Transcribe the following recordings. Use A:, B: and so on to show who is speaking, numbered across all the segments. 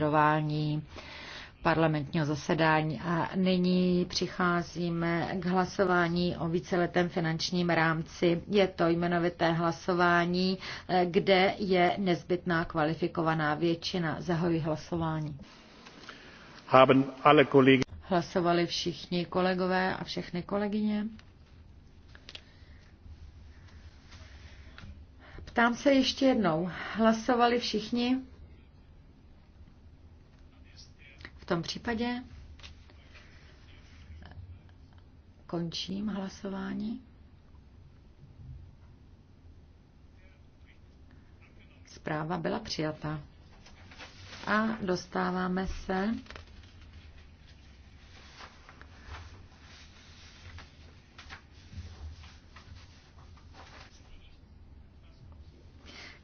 A: moderování parlamentního zasedání. A nyní přicházíme k hlasování o víceletém finančním rámci. Je to jmenovité hlasování, kde je nezbytná kvalifikovaná většina. Zahojí hlasování.
B: Haben alle kolegy...
A: Hlasovali všichni kolegové a všechny kolegyně. Ptám se ještě jednou. Hlasovali všichni? V tom případě končím hlasování. Zpráva byla přijata. A dostáváme se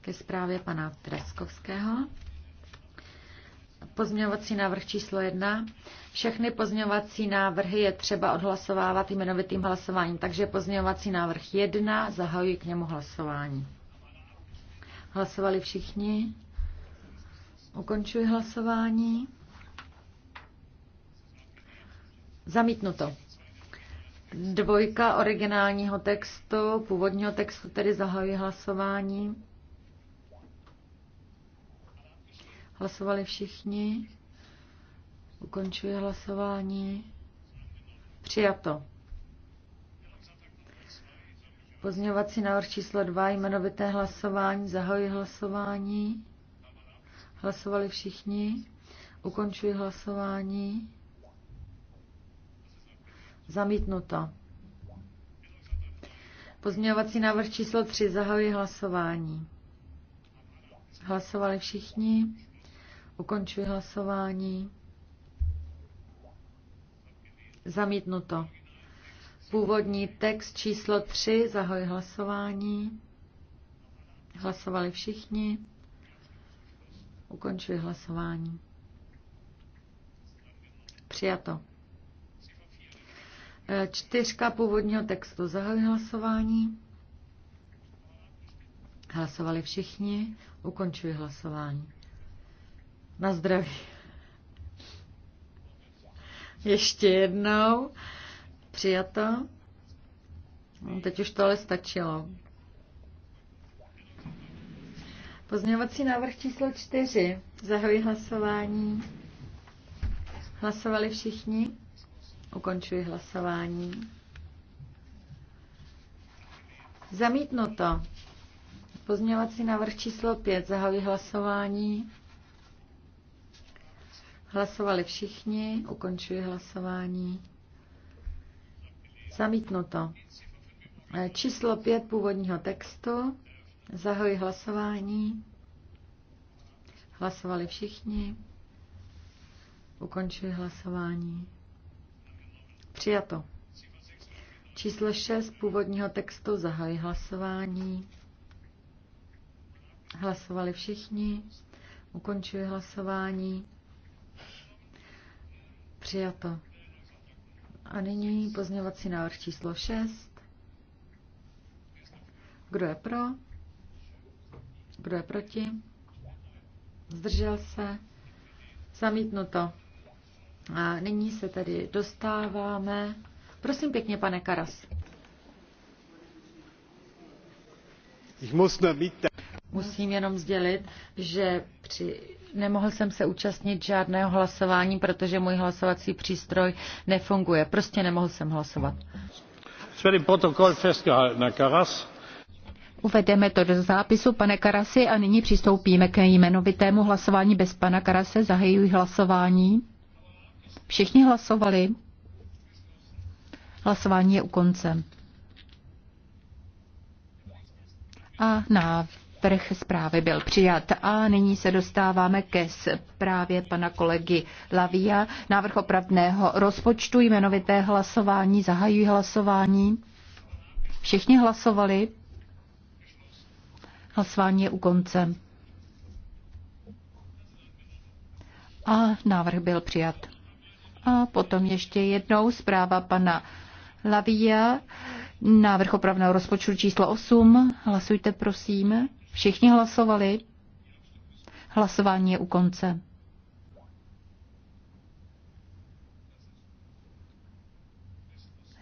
A: ke zprávě pana Treskovského. Pozměňovací návrh číslo 1. Všechny pozměňovací návrhy je třeba odhlasovávat jmenovitým hlasováním, takže pozměňovací návrh 1, zahajuji k němu hlasování. Hlasovali všichni? Ukončuji hlasování. Zamítnuto. Dvojka originálního textu, původního textu, tedy zahajuji hlasování. Hlasovali všichni. Ukončuji hlasování. Přijato. Pozměňovací návrh číslo 2, jmenovité hlasování, zahoji hlasování. Hlasovali všichni. Ukončuji hlasování. Zamítnuto. Pozměňovací návrh číslo 3, zahoji hlasování. Hlasovali všichni. Ukončuji hlasování. Zamítnuto. Původní text číslo 3. Zahoj hlasování. Hlasovali všichni. Ukončuji hlasování. Přijato. E, čtyřka původního textu. Zahoj hlasování. Hlasovali všichni. Ukončuji hlasování. Na zdraví. Ještě jednou. Přijato. No, teď už to ale stačilo. Pozměňovací návrh číslo čtyři. Zahajuji hlasování. Hlasovali všichni? Ukončuji hlasování. Zamítnuto. Pozměňovací návrh číslo 5. Zahajuji hlasování. Hlasovali všichni, ukončuji hlasování. Zamítnuto. E, číslo pět původního textu. Zahoji hlasování. Hlasovali všichni. Ukončuji hlasování. Přijato. Číslo 6 původního textu. Zahoji hlasování. Hlasovali všichni. Ukončuji hlasování. Přijato. A nyní pozměňovací návrh číslo 6. Kdo je pro? Kdo je proti? Zdržel se? Zamítnuto. A nyní se tedy dostáváme. Prosím pěkně, pane Karas. Musím jenom sdělit, že při Nemohl jsem se účastnit žádného hlasování, protože můj hlasovací přístroj nefunguje. Prostě nemohl jsem hlasovat.
C: Uvedeme to do zápisu, pane Karasi, a nyní přistoupíme k jmenovitému hlasování bez pana Karase. Zahajuji hlasování. Všichni hlasovali. Hlasování je u konce. A návrh návrh zprávy byl přijat. A nyní se dostáváme ke zprávě pana kolegy Lavia. Návrh opravného rozpočtu jmenovité hlasování. Zahajují hlasování. Všichni hlasovali. Hlasování je u konce. A návrh byl přijat. A potom ještě jednou zpráva pana Lavia. Návrh opravného rozpočtu číslo 8. Hlasujte, prosím. Všichni hlasovali. Hlasování je u konce.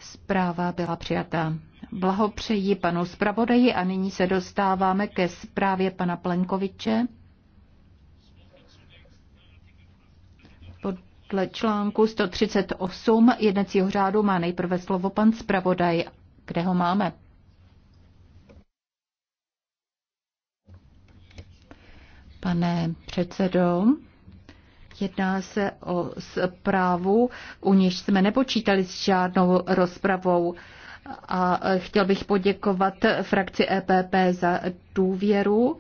C: Zpráva byla přijatá. Blahopřeji panu zpravodaji a nyní se dostáváme ke zprávě pana Plenkoviče. Podle článku 138 jednacího řádu má nejprve slovo pan zpravodaj. Kde ho máme? pane předsedo. Jedná se o zprávu, u níž jsme nepočítali s žádnou rozpravou. A chtěl bych poděkovat frakci EPP za důvěru.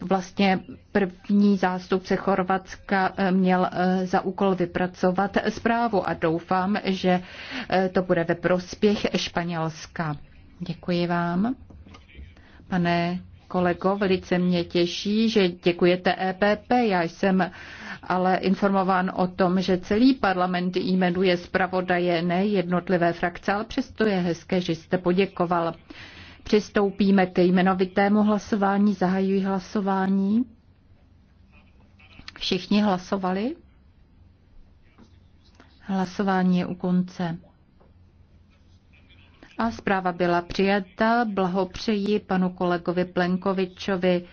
C: Vlastně první zástupce Chorvatska měl za úkol vypracovat zprávu a doufám, že to bude ve prospěch Španělska. Děkuji vám, pane kolego, velice mě těší, že děkujete EPP. Já jsem ale informován o tom, že celý parlament jmenuje zpravodaje, ne jednotlivé frakce, ale přesto je hezké, že jste poděkoval. Přistoupíme ke jmenovitému hlasování. Zahajuji hlasování. Všichni hlasovali? Hlasování je u konce a zpráva byla přijata. Blahopřeji panu kolegovi Plenkovičovi.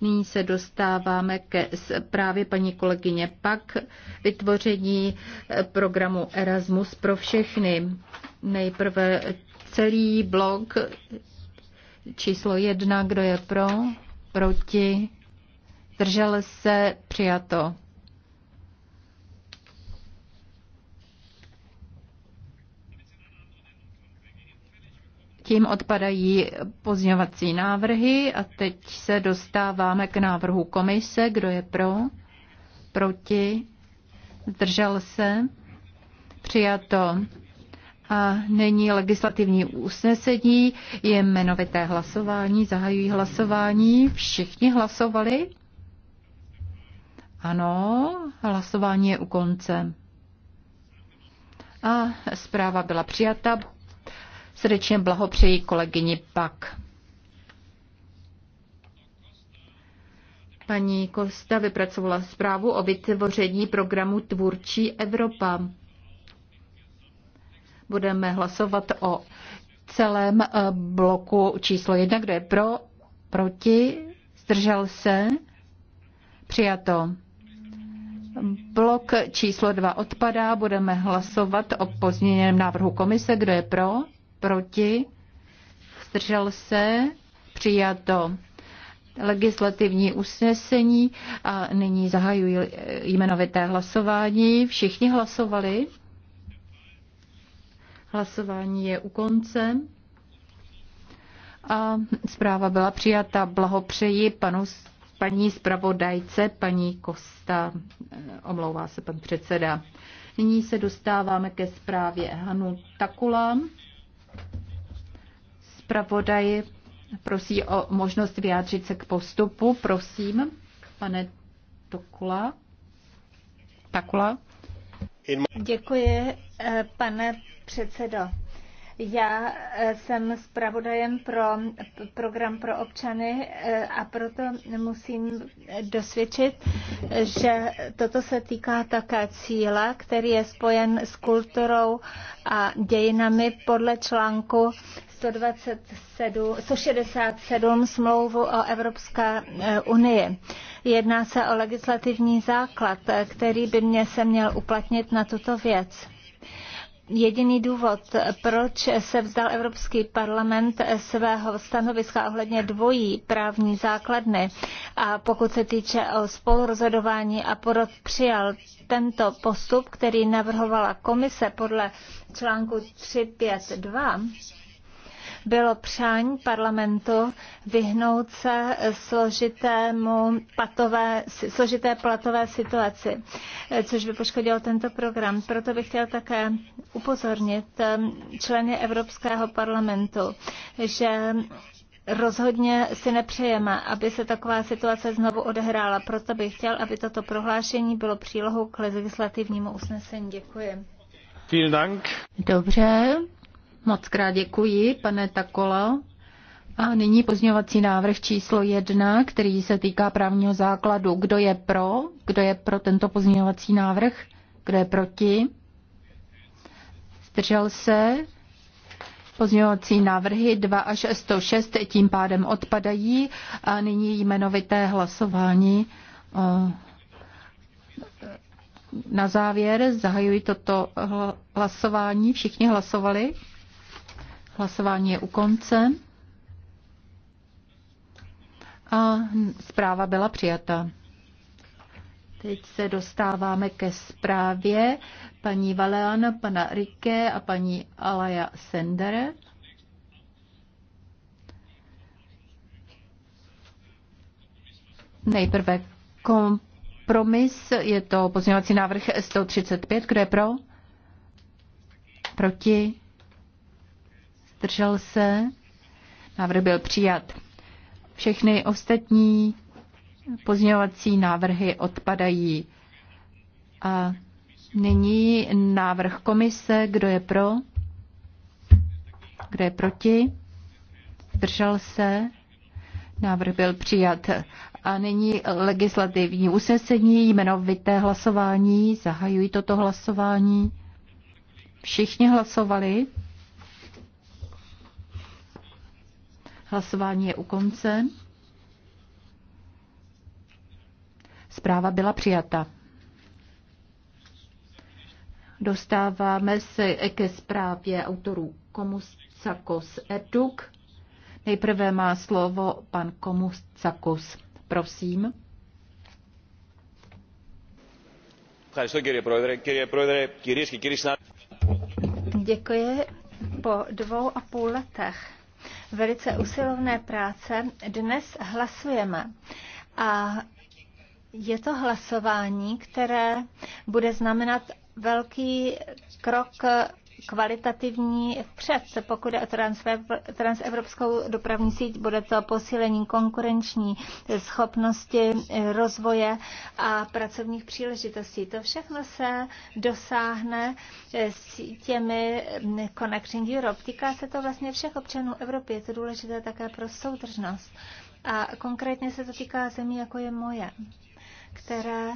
C: Nyní se dostáváme ke zprávě paní kolegyně Pak vytvoření eh, programu Erasmus pro všechny. Nejprve celý blok číslo jedna, kdo je pro, proti, držel se, přijato. Tím odpadají pozňovací návrhy a teď se dostáváme k návrhu komise. Kdo je pro? Proti? Zdržel se? Přijato. A není legislativní usnesení, je jmenovité hlasování, zahajují hlasování. Všichni hlasovali? Ano, hlasování je u konce. A zpráva byla přijata. Srdečně blahopřeji kolegyni Pak. Paní Kosta vypracovala zprávu o vytvoření programu Tvůrčí Evropa. Budeme hlasovat o celém eh, bloku číslo jedna, kde je pro, proti, zdržel se, přijato. Blok číslo dva odpadá, budeme hlasovat o pozměněném návrhu komise, kdo je pro, proti, zdržel se, přijato legislativní usnesení a nyní zahajují jmenovité hlasování. Všichni hlasovali. Hlasování je u konce. A zpráva byla přijata. Blahopřeji panu, paní zpravodajce, paní Kosta. Omlouvá se pan předseda. Nyní se dostáváme ke zprávě Hanu Takula. Zpravodaji prosí o možnost vyjádřit se k postupu. Prosím, pane Tokula. Takula.
B: Děkuji, eh, pane předsedo. Já eh, jsem zpravodajem pro program pro občany eh, a proto musím dosvědčit, že toto se týká také cíle, který je spojen s kulturou a dějinami podle článku 127, 167 smlouvu o Evropské eh, unii. Jedná se o legislativní základ, který by mě se měl uplatnit na tuto věc jediný důvod, proč se vzdal Evropský parlament svého stanoviska ohledně dvojí právní základny a pokud se týče o spolurozhodování a porod přijal tento postup, který navrhovala komise podle článku 352, bylo přání parlamentu vyhnout se složitému platové složité platové situaci, což by poškodilo tento program. Proto bych chtěl také upozornit ehm, členy Evropského parlamentu, že rozhodně si nepřejeme, aby se taková situace znovu odehrála. Proto bych chtěl, aby toto prohlášení bylo přílohou k legislativnímu usnesení. Děkuji. Dobře,
C: moc krát děkuji, pane Takola. A nyní pozměňovací návrh číslo jedna, který se týká právního základu. Kdo je pro? Kdo je pro tento pozměňovací návrh? Kdo je proti? zdržel se, pozměňovací návrhy 2 až 106 tím pádem odpadají a nyní jmenovité hlasování na závěr zahajuji toto hlasování. Všichni hlasovali. Hlasování je u konce. A zpráva byla přijata. Teď se dostáváme ke zprávě paní Valean, pana Rike a paní Alaja Sender. Nejprve kompromis, je to pozměňovací návrh 135, kdo je pro? Proti? Zdržel se? Návrh byl přijat. Všechny ostatní pozměňovací návrhy odpadají. A nyní návrh komise, kdo je pro, kdo je proti, zdržel se, návrh byl přijat. A nyní legislativní usnesení, jmenovité hlasování, zahajují toto hlasování. Všichni hlasovali. Hlasování je u konce. Zpráva byla přijata. Dostáváme se ke zprávě autorů Komus Cakos Eduk. Nejprve má slovo pan Komus Cakos. Prosím.
B: Děkuji. Po dvou a půl letech velice usilovné práce dnes hlasujeme. A je to hlasování, které bude znamenat velký krok kvalitativní vpřed, pokud je o transevropskou dopravní síť, bude to posílení konkurenční schopnosti eh, rozvoje a pracovních příležitostí. To všechno se dosáhne eh, s těmi mm, Connection Europe. Týká se to vlastně všech občanů Evropy. Je to důležité také pro soudržnost. A konkrétně se to týká zemí, jako je moje které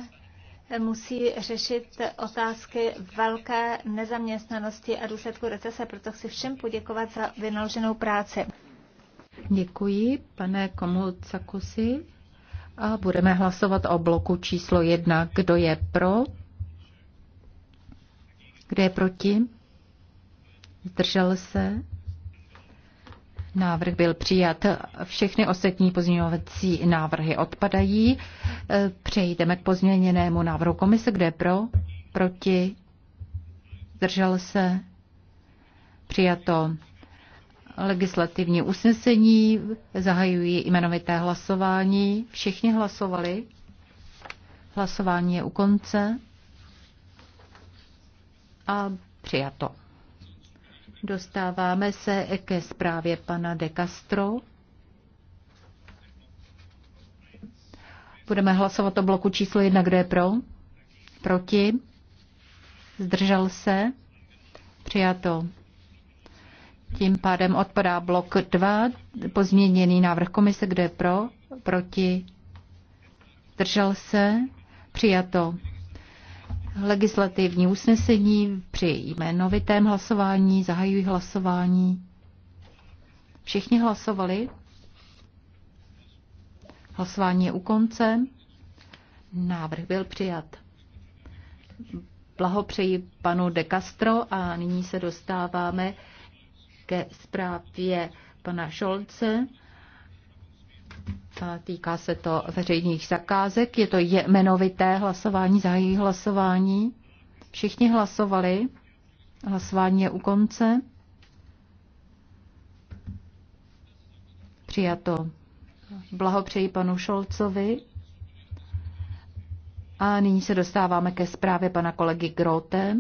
B: musí řešit otázky velké nezaměstnanosti a důsledku recese. Proto chci všem poděkovat za vynaloženou práci.
C: Děkuji, pane Komulcakusi. A budeme hlasovat o bloku číslo jedna. Kdo je pro? Kdo je proti? Zdržel se? Návrh byl přijat. Všechny ostatní pozměňovací návrhy odpadají. E, přejdeme k pozměněnému návrhu komise. Kde pro? Proti? Zdržel se? Přijato legislativní usnesení. Zahajují jmenovité hlasování. Všichni hlasovali. Hlasování je u konce. A přijato. Dostáváme se ke zprávě pana De Castro. Budeme hlasovat o bloku číslo jedna, Kdo je pro? Proti? Zdržel se? Přijato. Tím pádem odpadá blok 2, pozměněný návrh komise, kde je pro, proti, držel se, přijato. Legislativní usnesení při jménovitém hlasování. Zahajuji hlasování. Všichni hlasovali. Hlasování je u konce. Návrh byl přijat. Blahopřeji panu De Castro a nyní se dostáváme ke zprávě pana Šolce. Týká se to veřejných zakázek. Je to jmenovité hlasování, jejich hlasování. Všichni hlasovali. Hlasování je u konce. Přijato. Blahopřeji panu Šolcovi. A nyní se dostáváme ke zprávě pana kolegy Grote.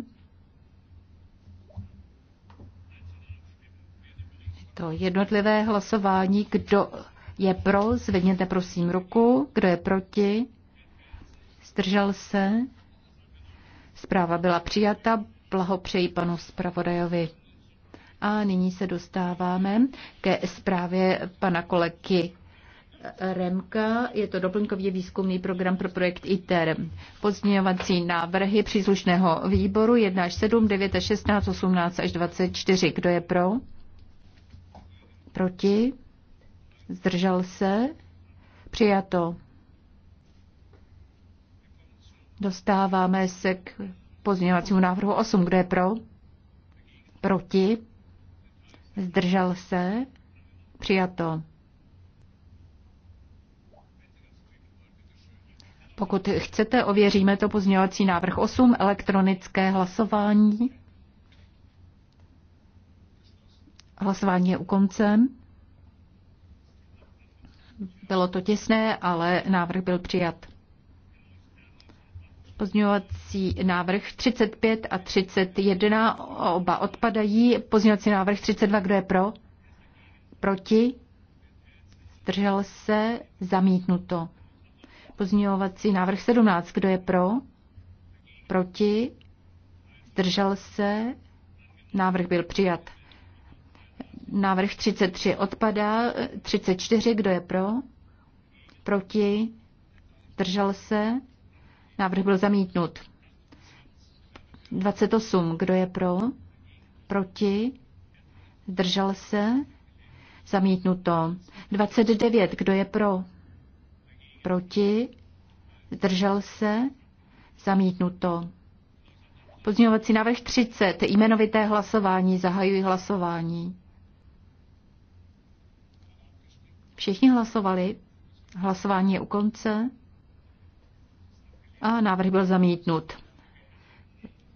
C: To jednotlivé hlasování, kdo je pro, zvedněte prosím ruku. Kdo je proti? Zdržel se? Zpráva byla přijata. Blahopřeji panu zpravodajovi. A nyní se dostáváme ke zprávě pana kolegy Remka. Je to doplňkově výzkumný program pro projekt ITER. Pozměňovací návrhy příslušného výboru 1 až 7, 9 až 16, 18 až 24. Kdo je pro? Proti? Zdržel se? Přijato. Dostáváme se k pozměňovacímu návrhu 8. Kdo je pro? Proti? Zdržel se? Přijato. Pokud chcete, ověříme to pozměňovací návrh 8, elektronické hlasování. Hlasování je u konce. Bylo to těsné, ale návrh byl přijat. Pozměňovací návrh 35 a 31 oba odpadají. Pozměňovací návrh 32, kdo je pro? Proti? Zdržel se? Zamítnuto. Pozměňovací návrh 17, kdo je pro? Proti? Zdržel se? Návrh byl přijat. Návrh 33 odpadá. 34, kdo je pro? Proti? Držel se? Návrh byl zamítnut. 28, kdo je pro? Proti? Držel se? Zamítnuto. 29, kdo je pro? Proti? Držel se? Zamítnuto. Pozměňovací návrh 30. Jmenovité hlasování. Zahajuji hlasování. Všichni hlasovali. Hlasování je u konce. A návrh byl zamítnut.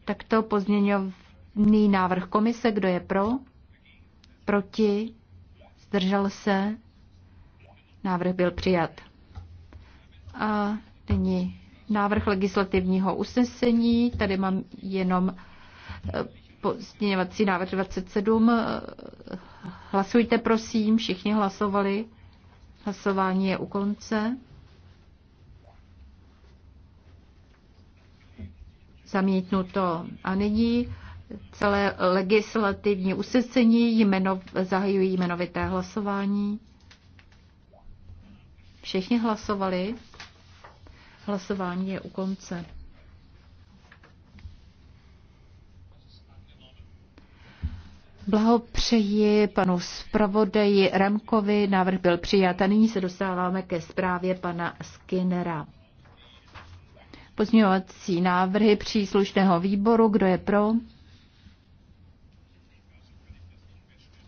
C: Takto pozměňovný návrh komise, kdo je pro, proti, zdržel se, návrh byl přijat. A nyní návrh legislativního usnesení. Tady mám jenom eh, pozměňovací návrh 27. Eh, hlasujte prosím, všichni hlasovali. Hlasování je u konce. Zamítnuto. A nyní celé legislativní usesení jmeno, zahajují jmenovité hlasování. Všichni hlasovali. Hlasování je u konce. Blahopřeji panu zpravodaji Remkovi, návrh byl přijat a nyní se dostáváme ke zprávě pana Skinnera. Pozměňovací návrhy příslušného výboru, kdo je pro?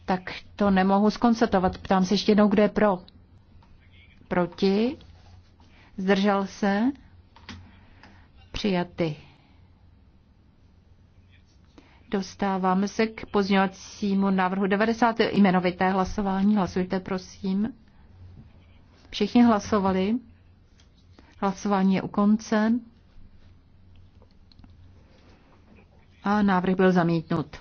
C: Tak to nemohu skonstatovat. Ptám se ještě jednou, kdo je pro? Proti? Zdržel se? Přijaty. Dostáváme se k pozměňovacímu návrhu 90. jmenovité hlasování. Hlasujte, prosím. Všichni hlasovali. Hlasování je u konce. A návrh byl zamítnut.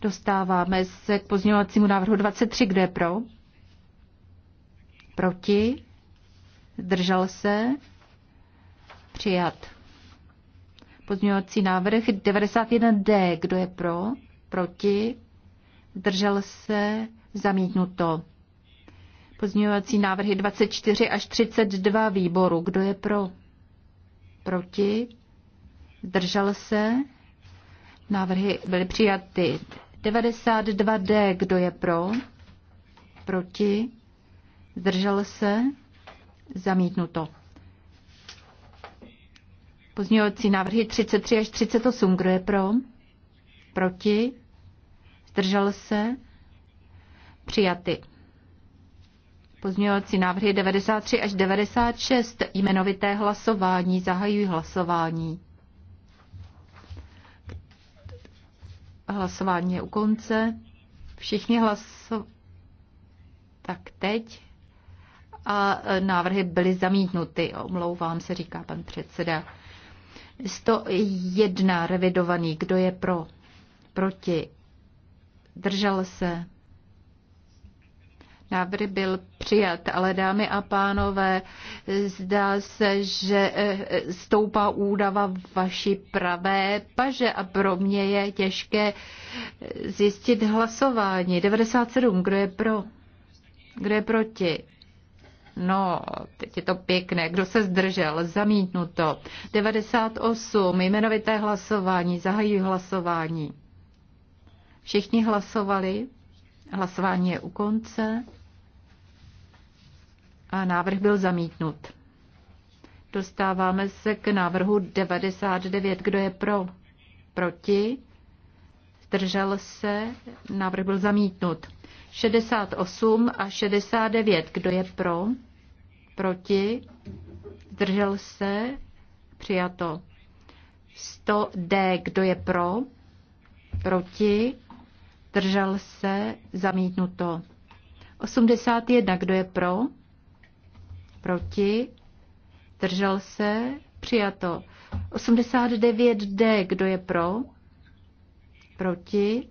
C: Dostáváme se k pozměňovacímu návrhu 23. Kdo je pro? Proti? Zdržel se? Přijat. Pozměňovací návrh 91D. Kdo je pro? Proti? Zdržel se? Zamítnuto. Pozměňovací návrhy 24 až 32 výboru. Kdo je pro? Proti? Zdržel se? Návrhy byly přijaty. 92D. Kdo je pro? Proti? Zdržel se? Zamítnuto. Pozměňovací návrhy 33 až 38. Kdo je pro? Proti? Zdržel se? Přijaty. Pozměňovací návrhy 93 až 96. Jmenovité hlasování. Zahajují hlasování. Hlasování je u konce. Všichni hlasovali. Tak teď. A e, návrhy byly zamítnuty. Omlouvám se, říká pan předseda. 101 revidovaný. Kdo je pro? Proti? Držel se? Návrh byl přijat, ale dámy a pánové, zdá se, že eh, stoupá údava vaší pravé paže a pro mě je těžké eh, zjistit hlasování. 97, kdo je pro? Kdo je proti? No, teď je to pěkné. Kdo se zdržel? Zamítnuto. 98. Jmenovité hlasování. Zahají hlasování. Všichni hlasovali. Hlasování je u konce. A návrh byl zamítnut. Dostáváme se k návrhu 99. Kdo je pro? Proti? Zdržel se? Návrh byl zamítnut. 68 a 69. Kdo je pro? Proti? Zdržel se? Přijato. 100D. Kdo je pro? Proti? Držel se? Zamítnuto. 81. Kdo je pro? Proti? Držel se? Přijato. 89D. Kdo je pro? Proti?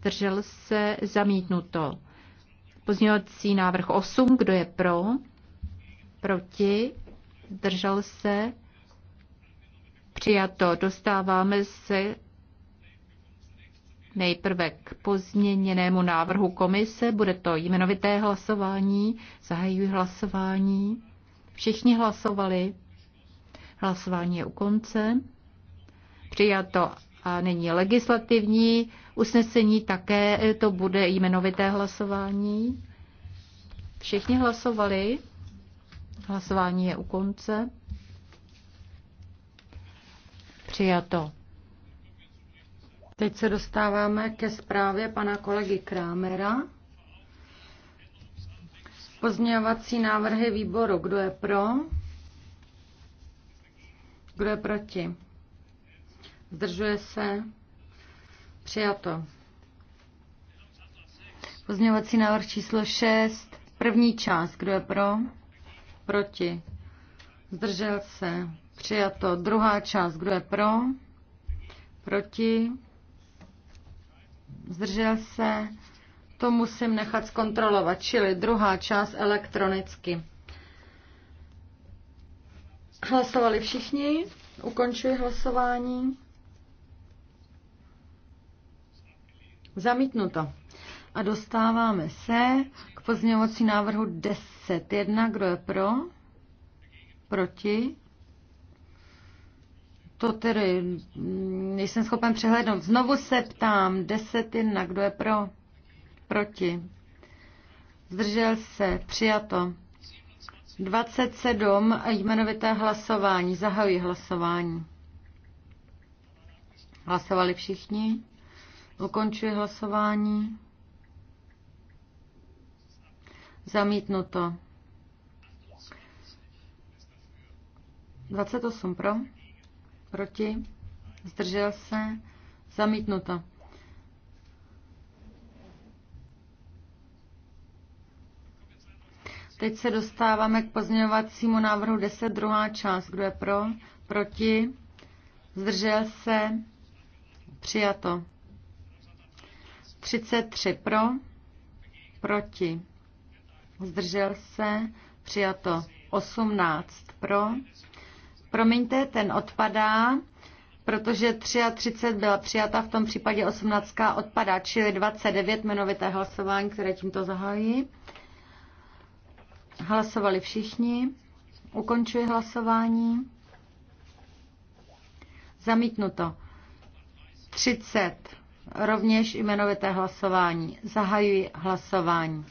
C: zdržel se, zamítnuto. Pozměňovací návrh 8, kdo je pro, proti, zdržel se, přijato. Dostáváme se nejprve k pozměněnému návrhu komise. Bude to jmenovité hlasování. Zahajuji hlasování. Všichni hlasovali. Hlasování je u konce. Přijato a není legislativní usnesení také to bude jmenovité hlasování. Všichni hlasovali. Hlasování je u konce.
A: Přijato. Teď se dostáváme ke zprávě pana kolegy Krámera. Pozměňovací návrhy výboru. Kdo je pro? Kdo je proti? Zdržuje se? Přijato. Pozměňovací návrh číslo 6. První část. Kdo je pro? Proti. Zdržel se. Přijato. Druhá část. Kdo je pro? Proti. Zdržel se. To musím nechat zkontrolovat, čili druhá část elektronicky. Hlasovali všichni. Ukončuji hlasování. Zamítnuto. A dostáváme se k pozměňovací návrhu 10.1. Kdo je pro? Proti? To tedy nejsem schopen přehlednout. Znovu se ptám. 10.1. Kdo je pro? Proti? Zdržel se. Přijato. 27. Jmenovité hlasování. Zahajuji hlasování. Hlasovali všichni? Ukončuji hlasování. Zamítnuto. 28 pro, proti, zdržel se, zamítnuto. Teď se dostáváme k pozměňovacímu návrhu 10, druhá část. Kdo je pro? Proti? Zdržel se? Přijato. 33 pro, proti, zdržel se, přijato 18 pro. Promiňte, ten odpadá, protože 33 byla přijata, v tom případě 18 odpadá, čili 29 jmenovité hlasování, které tímto zahájí. Hlasovali všichni. Ukončuji hlasování. Zamítnuto. 30 Rovněž jmenovité hlasování. Zahajuji hlasování.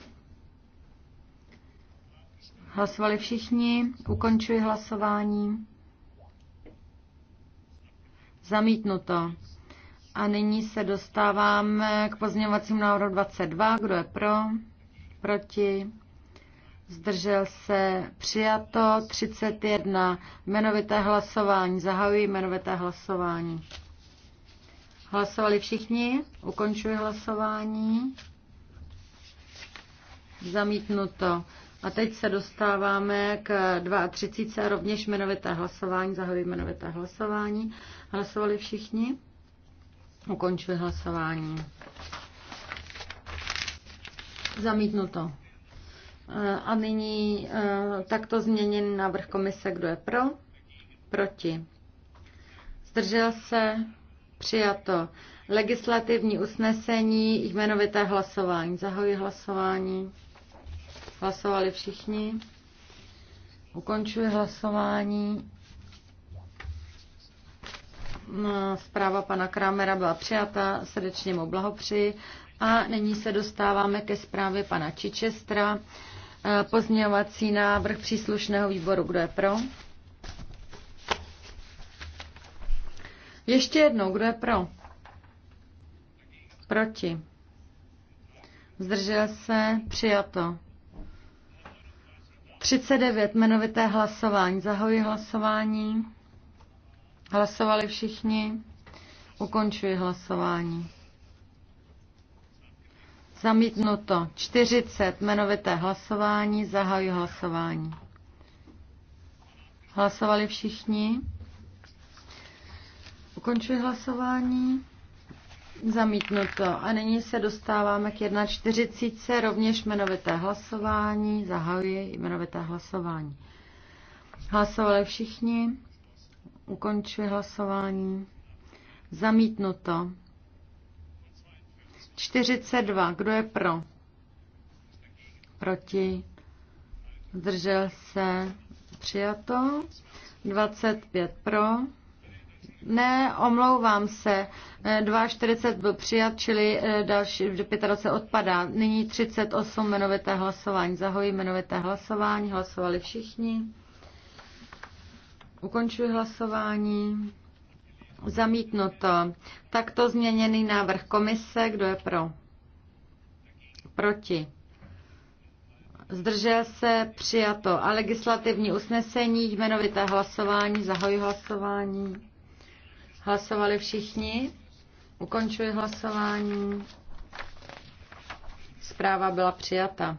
A: Hlasovali všichni, ukončuji hlasování. Zamítnuto. A nyní se dostáváme k pozměňovacímu návrhu 22. Kdo je pro? Proti? Zdržel se přijato 31. Jmenovité hlasování. Zahajuji jmenovité hlasování. Hlasovali všichni? Ukončuji hlasování. Zamítnuto. A teď se dostáváme k 32. A rovněž jmenovité hlasování. Zahajuji jmenovité hlasování. Hlasovali všichni? Ukončuji hlasování. Zamítnuto. A nyní e, takto změněný návrh komise. Kdo je pro? Proti. Zdržel se? Přijato. Legislativní usnesení, jmenovité hlasování. Zahoji hlasování. Hlasovali všichni. Ukončuji hlasování. No, zpráva pana Krámera byla přijata, srdečně mu blahopřeji. A nyní se dostáváme ke zprávě pana Čičestra. Eh, pozměňovací návrh příslušného výboru. Kdo je pro? Ještě jednou, kdo je pro? Proti. Zdržel se, přijato. 39, jmenovité hlasování. Zahoji hlasování. Hlasovali všichni. Ukončuji hlasování. Zamítnuto. 40, jmenovité hlasování. Zahoji hlasování. Hlasovali všichni. Ukončuji hlasování. Zamítnuto. A nyní se dostáváme k 1.40, rovněž jmenovité hlasování. Zahajuji jmenovité hlasování. Hlasovali všichni. Ukončuji hlasování. Zamítnuto. 42. Kdo je pro? Proti. Zdržel se. Přijato. 25 pro ne, omlouvám se. 2,40 eh, byl přijat, čili eh, další 25 odpadá. Nyní 38 jmenovité hlasování. Zahojí jmenovité hlasování. Hlasovali všichni. Ukončuji hlasování. Zamítnuto. Takto změněný návrh komise. Kdo je pro? Proti. Zdržel se přijato a legislativní usnesení, jmenovité hlasování, zahoj hlasování. Hlasovali všichni. Ukončuji hlasování. Zpráva byla přijata.